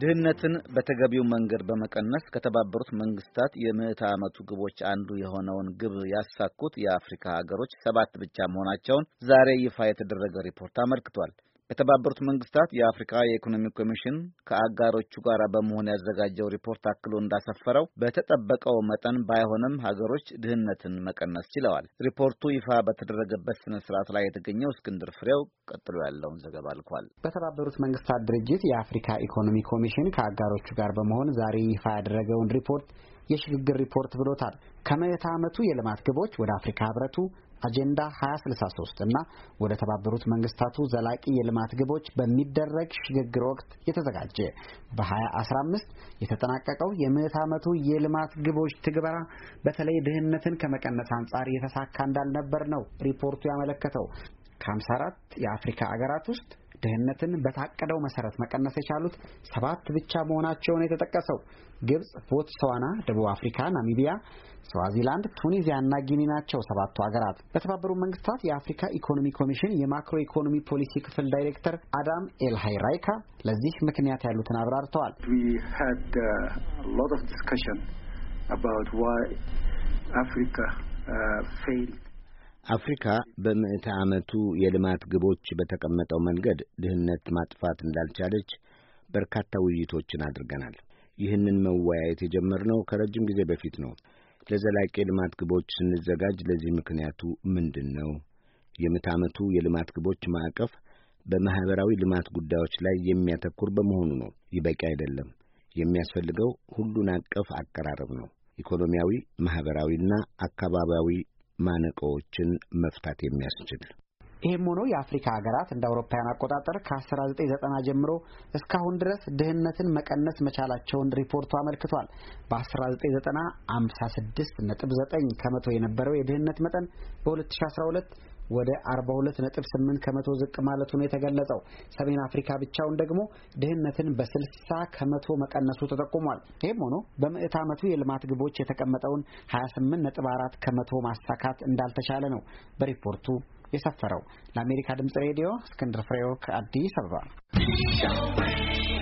ድህነትን በተገቢው መንገድ በመቀነስ ከተባበሩት መንግስታት የምዕተ ዓመቱ ግቦች አንዱ የሆነውን ግብ ያሳኩት የአፍሪካ ሀገሮች ሰባት ብቻ መሆናቸውን ዛሬ ይፋ የተደረገ ሪፖርት አመልክቷል። የተባበሩት መንግስታት የአፍሪካ የኢኮኖሚ ኮሚሽን ከአጋሮቹ ጋር በመሆን ያዘጋጀው ሪፖርት አክሎ እንዳሰፈረው በተጠበቀው መጠን ባይሆንም ሀገሮች ድህነትን መቀነስ ችለዋል። ሪፖርቱ ይፋ በተደረገበት ስነ ስርዓት ላይ የተገኘው እስክንድር ፍሬው ቀጥሎ ያለውን ዘገባ ልኳል። በተባበሩት መንግስታት ድርጅት የአፍሪካ ኢኮኖሚ ኮሚሽን ከአጋሮቹ ጋር በመሆን ዛሬ ይፋ ያደረገውን ሪፖርት የሽግግር ሪፖርት ብሎታል። ከምዕተ ዓመቱ የልማት ግቦች ወደ አፍሪካ ህብረቱ አጀንዳ 2063 እና ወደ ተባበሩት መንግስታቱ ዘላቂ የልማት ግቦች በሚደረግ ሽግግር ወቅት የተዘጋጀ በ2015 የተጠናቀቀው የምዕት ዓመቱ የልማት ግቦች ትግበራ በተለይ ድህነትን ከመቀነስ አንጻር የተሳካ እንዳልነበር ነው ሪፖርቱ ያመለከተው። ከ54 የአፍሪካ አገራት ውስጥ ድህነትን በታቀደው መሰረት መቀነስ የቻሉት ሰባት ብቻ መሆናቸውን የተጠቀሰው ግብጽ፣ ቦትስዋና፣ ደቡብ አፍሪካ፣ ናሚቢያ፣ ስዋዚላንድ፣ ቱኒዚያ እና ጊኒ ናቸው ሰባቱ ሀገራት። በተባበሩት መንግስታት የአፍሪካ ኢኮኖሚ ኮሚሽን የማክሮ ኢኮኖሚ ፖሊሲ ክፍል ዳይሬክተር አዳም ኤልሃይ ራይካ ለዚህ ምክንያት ያሉትን አብራርተዋል። አፍሪካ አፍሪካ በምዕተ ዓመቱ የልማት ግቦች በተቀመጠው መንገድ ድህነት ማጥፋት እንዳልቻለች በርካታ ውይይቶችን አድርገናል። ይህንን መወያየት የጀመርነው ከረጅም ጊዜ በፊት ነው። ለዘላቂ የልማት ግቦች ስንዘጋጅ ለዚህ ምክንያቱ ምንድን ነው? የምዕተ ዓመቱ የልማት ግቦች ማዕቀፍ በማኅበራዊ ልማት ጉዳዮች ላይ የሚያተኩር በመሆኑ ነው። ይበቂ በቂ አይደለም። የሚያስፈልገው ሁሉን አቀፍ አቀራረብ ነው። ኢኮኖሚያዊ፣ ማኅበራዊና አካባቢያዊ ማነቆዎችን መፍታት የሚያስችል ይህም ሆኖ የአፍሪካ ሀገራት እንደ አውሮፓውያን አቆጣጠር ከ1990 ጀምሮ እስካሁን ድረስ ድህነትን መቀነስ መቻላቸውን ሪፖርቱ አመልክቷል። በ1990 56.9 ከመቶ የነበረው የድህነት መጠን በ2012 ወደ 42.8 ከመቶ ዝቅ ማለቱ ነው የተገለጸው። ሰሜን አፍሪካ ብቻውን ደግሞ ድህነትን በ60 ከመቶ መቀነሱ ተጠቁሟል። ይህም ሆኖ በምዕት ዓመቱ የልማት ግቦች የተቀመጠውን 28.4 ከመቶ ማሳካት እንዳልተቻለ ነው በሪፖርቱ የሰፈረው። ለአሜሪካ ድምፅ ሬዲዮ እስክንድር ፍሬው ከአዲስ አበባ